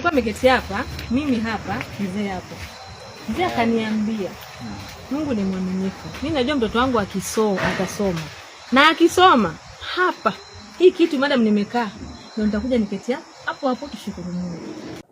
alikuwa ameketi hapa, mimi hapa, mzee hapo. Mzee akaniambia Mungu ni mwaminifu, mimi najua mtoto wangu akisoma atasoma, na akisoma hapa hii kitu madam nimekaa ndio nitakuja niketia hapo hapo, tushukuru Mungu.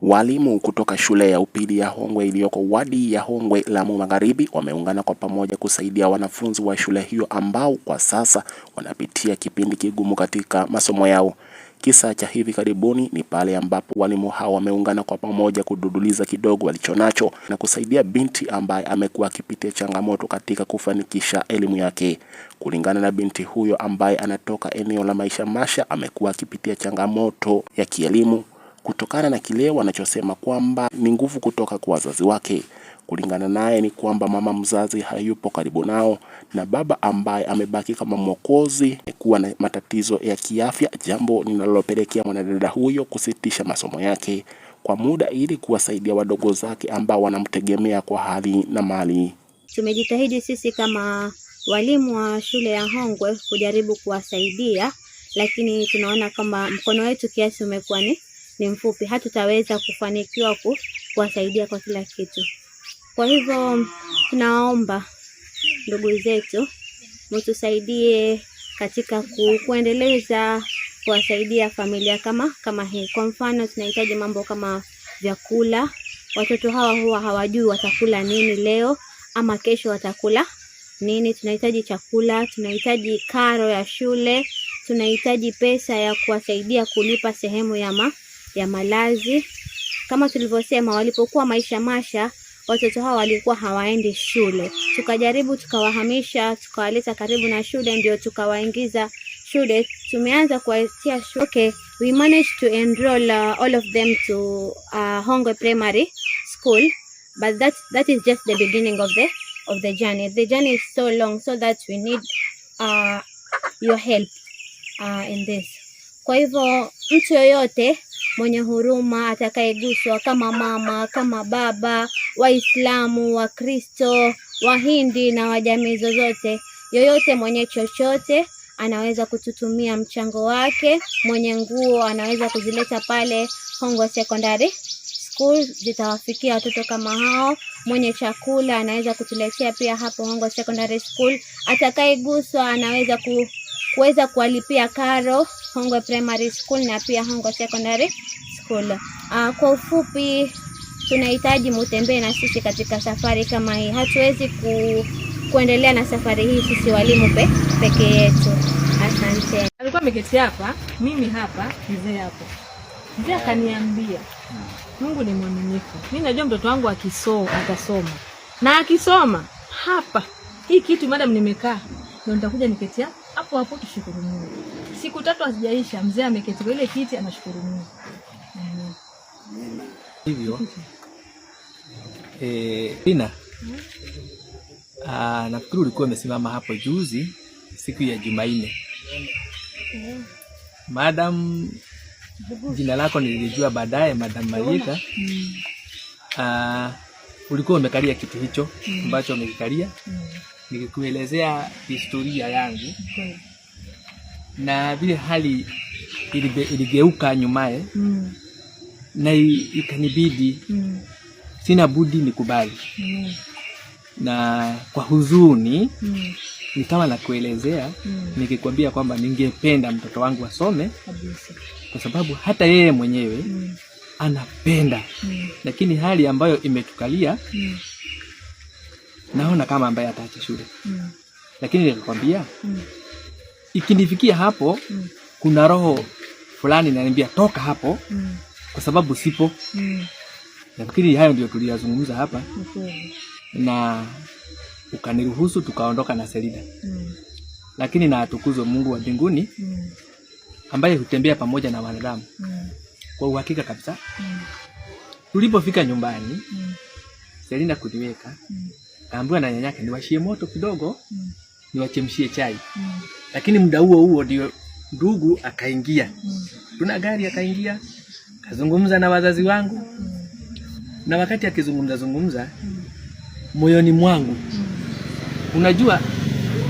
Walimu kutoka shule ya upili ya Hongwe iliyoko wadi ya Hongwe Lamu Magharibi wameungana kwa pamoja kusaidia wanafunzi wa shule hiyo ambao kwa sasa wanapitia kipindi kigumu katika masomo yao. Kisa cha hivi karibuni ni pale ambapo walimu hao wameungana kwa pamoja kududuliza kidogo walichonacho na kusaidia binti ambaye amekuwa akipitia changamoto katika kufanikisha elimu yake. Kulingana na binti huyo ambaye anatoka eneo la Maisha Masha, amekuwa akipitia changamoto ya kielimu kutokana na kile wanachosema kwamba ni nguvu kutoka kwa wazazi wake. Kulingana naye ni kwamba mama mzazi hayupo karibu nao na baba ambaye amebaki kama mwokozi kuwa na matatizo ya kiafya, jambo linalopelekea mwanadada huyo kusitisha masomo yake kwa muda ili kuwasaidia wadogo zake ambao wanamtegemea kwa hali na mali. Tumejitahidi sisi kama walimu wa shule ya Hongwe kujaribu kuwasaidia, lakini tunaona kama mkono wetu kiasi umekuwa ni ni mfupi, hatutaweza kufanikiwa kuwasaidia kwa kila kitu. Kwa hivyo tunaomba ndugu zetu mtusaidie katika ku, kuendeleza kuwasaidia familia kama kama hii. Kwa mfano tunahitaji mambo kama vyakula. Watoto hawa huwa hawajui watakula nini leo ama kesho watakula nini. Tunahitaji chakula, tunahitaji karo ya shule, tunahitaji pesa ya kuwasaidia kulipa sehemu ya ma, ya malazi. Kama tulivyosema, walipokuwa Maisha Masha watoto hao walikuwa hawaendi shule. Tukajaribu tukawahamisha, tukawaleta karibu na shule, ndio tukawaingiza shule. Tumeanza kuwatia shule. Okay, we managed to enroll uh, all of them to uh, Hongwe Primary School but that that is just the beginning of the of the journey. The journey is so long so that we need uh, your help uh, in this. Kwa hivyo mtu yoyote mwenye huruma, atakayeguswa kama mama, kama baba, Waislamu, Wakristo, Wahindi na wajamii zozote. Yoyote mwenye chochote anaweza kututumia mchango wake. Mwenye nguo anaweza kuzileta pale Kongwa Secondary School, zitawafikia watoto kama hao. Mwenye chakula anaweza kutuletea pia hapo Kongwa Secondary School. Atakayeguswa anaweza ku kuweza kuwalipia karo Hongwe Primary School na pia Hongwe Secondary School. Uh, kwa ufupi tunahitaji mutembee na sisi katika safari kama hii. Hatuwezi ku, kuendelea na safari hii sisi walimu pe, peke yetu. Asante. Alikuwa ameketi hapa, mimi hapa, mzee hapo. Mzee akaniambia Mungu ni mwaminifu, Mimi najua mtoto wangu akisoma atasoma na akisoma hapa hii kitu madam, nimekaa ndio nitakuja niketia hapo hapo tushukuru Mungu. Siku tatu hazijaisha, mzee ameketi kwa ile kiti anashukuru Mungu. Hivyo eh, Pina ah, nafikiri ulikuwa umesimama hapo juzi siku ya Jumanne. Madam, jina lako nilijua baadaye, Madam Marita. Ah, ulikuwa umekalia kiti hicho ambacho umekikalia nikikuelezea historia yangu na vile hali iligeuka nyumaye eh, mm. na ikanibidi mm. sina budi nikubali mm. na kwa huzuni mm. nikawa nakuelezea mm. nikikwambia kwamba ningependa mtoto wangu asome Kabisa. kwa sababu hata yeye mwenyewe mm. anapenda mm. lakini hali ambayo imetukalia mm naona kama ambaye ataacha shule mm. Lakini nikakwambia mm. ikinifikia hapo mm. kuna roho fulani naniambia toka hapo mm. kwa sababu sipo mm. Nafikiri hayo ndio tuliyazungumza hapa okay. Na ukaniruhusu tukaondoka na Selina mm. Lakini na atukuzwe Mungu wa mbinguni mm. ambaye hutembea pamoja na wanadamu mm. kwa uhakika kabisa mm. Tulipofika nyumbani mm. Selina kuniweka mm kaambiwa na nyanyake niwashie moto kidogo mm. niwachemshie chai mm. lakini muda huo huo ndio ndugu akaingia mm. tuna gari akaingia kazungumza na wazazi wangu mm. na wakati akizungumza zungumza mm. moyoni mm. mwangu mm. unajua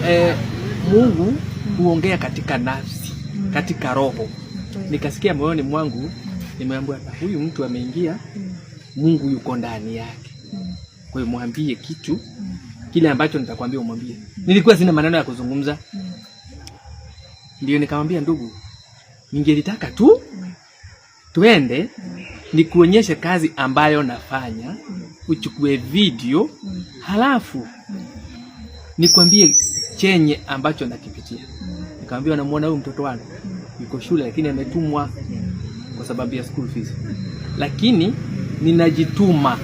eh, Mungu mm. huongea katika nafsi mm. katika roho okay. Mm. nikasikia moyoni mwangu nimeambiwa huyu mtu ameingia mm. Mungu yuko ndani yake mm. Kwa hiyo mwambie kitu kile ambacho nitakwambia umwambie. Nilikuwa sina maneno ya kuzungumza, ndio nikamwambia ndugu, ningelitaka tu twende nikuonyeshe kazi ambayo nafanya, uchukue video halafu nikwambie chenye ambacho nakipitia. Nikamwambia namuona huyu mtoto wangu yuko shule, lakini ametumwa kwa sababu ya school fees, lakini ninajituma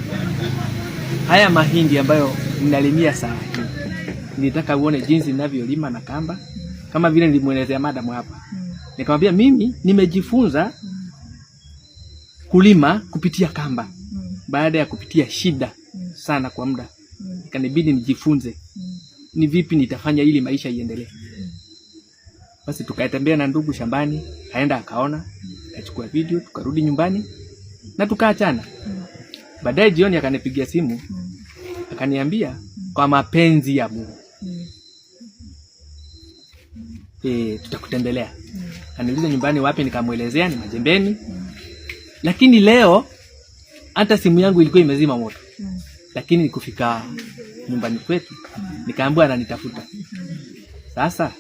haya mahindi ambayo ninalimia saa hii, nilitaka uone jinsi ninavyolima na kamba, kama vile nilimwelezea madamu hapa. Nikamwambia mimi nimejifunza kulima kupitia kamba, baada ya kupitia shida sana kwa muda, ikanibidi nijifunze ni vipi nitafanya ili maisha iendelee. Basi tukatembea na ndugu shambani, aenda akaona, kachukua video, tukarudi nyumbani na tukaachana. Baadaye jioni akanipigia simu mm. akaniambia kwa mapenzi ya Mungu e, tutakutembelea. Mm. Aniuliza nyumbani wapi, nikamwelezea ni Majembeni, lakini leo hata simu yangu ilikuwa imezima moto, lakini nikufika nyumbani kwetu nikaambiwa ananitafuta. Sasa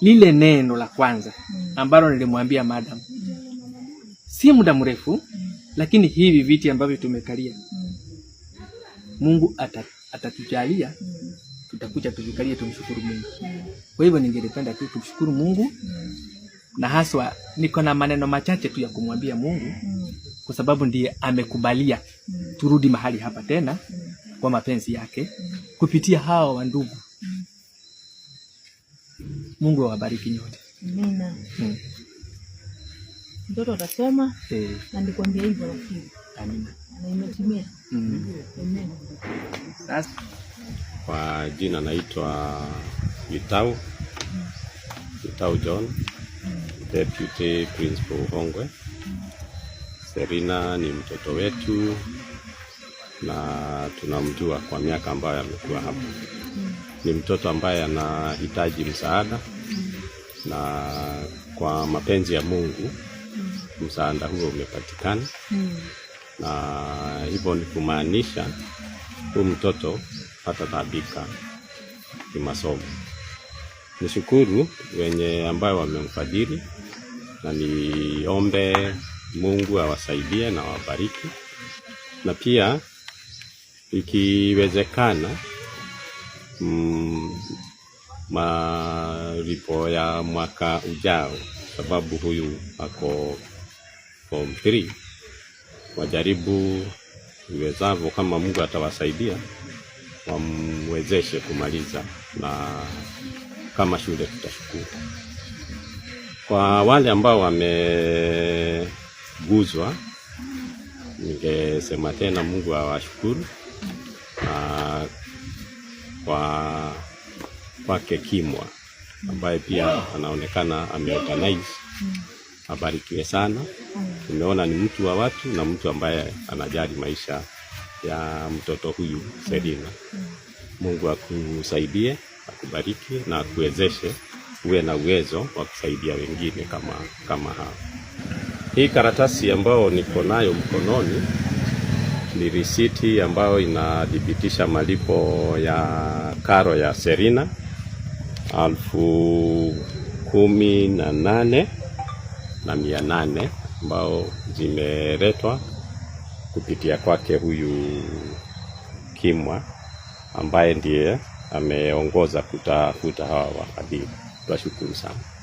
lile neno la kwanza ambalo nilimwambia madam, si muda mrefu lakini hivi viti ambavyo tumekalia Mungu atatujalia ata Tutakuja tuvikalie, tumshukuru Mungu Kwa hivyo ningependa tu tumshukuru Mungu Na haswa niko na maneno machache tu ya kumwambia Mungu Kwa sababu ndiye amekubalia turudi mahali hapa tena kwa mapenzi yake kupitia hawa wandugu Mungu awabariki nyote. Amina. Mm mtoto atasoma hey. Eh. na nikwambia hivyo na imetimia mm. Kwa jina naitwa Vitau Vitau John Deputy Principal Hongwe Serina ni mtoto wetu na tunamjua kwa miaka ambayo amekuwa hapa Ni mtoto ambaye anahitaji msaada na kwa mapenzi ya Mungu msaada huo umepatikana hmm. na hivyo ni kumaanisha huu mtoto hata tabika kimasomo. Nishukuru wenye ambayo wamemfadhili, na niombe Mungu awasaidie na wabariki, na pia ikiwezekana mm, malipo ya mwaka ujao, sababu huyu ako form 3 wajaribu iwezavyo, kama Mungu atawasaidia wamwezeshe kumaliza, na kama shule tutashukuru. Kwa wale ambao wameguzwa, ningesema tena Mungu awashukuru na kwa kwake Kimwa ambaye pia anaonekana ameorganize abarikiwe sana. Tumeona ni mtu wa watu na mtu ambaye anajali maisha ya mtoto huyu Selina. Mungu akusaidie, akubariki na akuwezeshe uwe na uwezo wa kusaidia wengine kama, kama hao. Hii karatasi ambayo niko nayo mkononi ni risiti ambayo inadhibitisha malipo ya karo ya Selina alfu kumi na nane na mia nane ambao zimeletwa kupitia kwake huyu Kimwa ambaye ndiye ameongoza kutafuta hawa wafadhili. Twashukuru sana.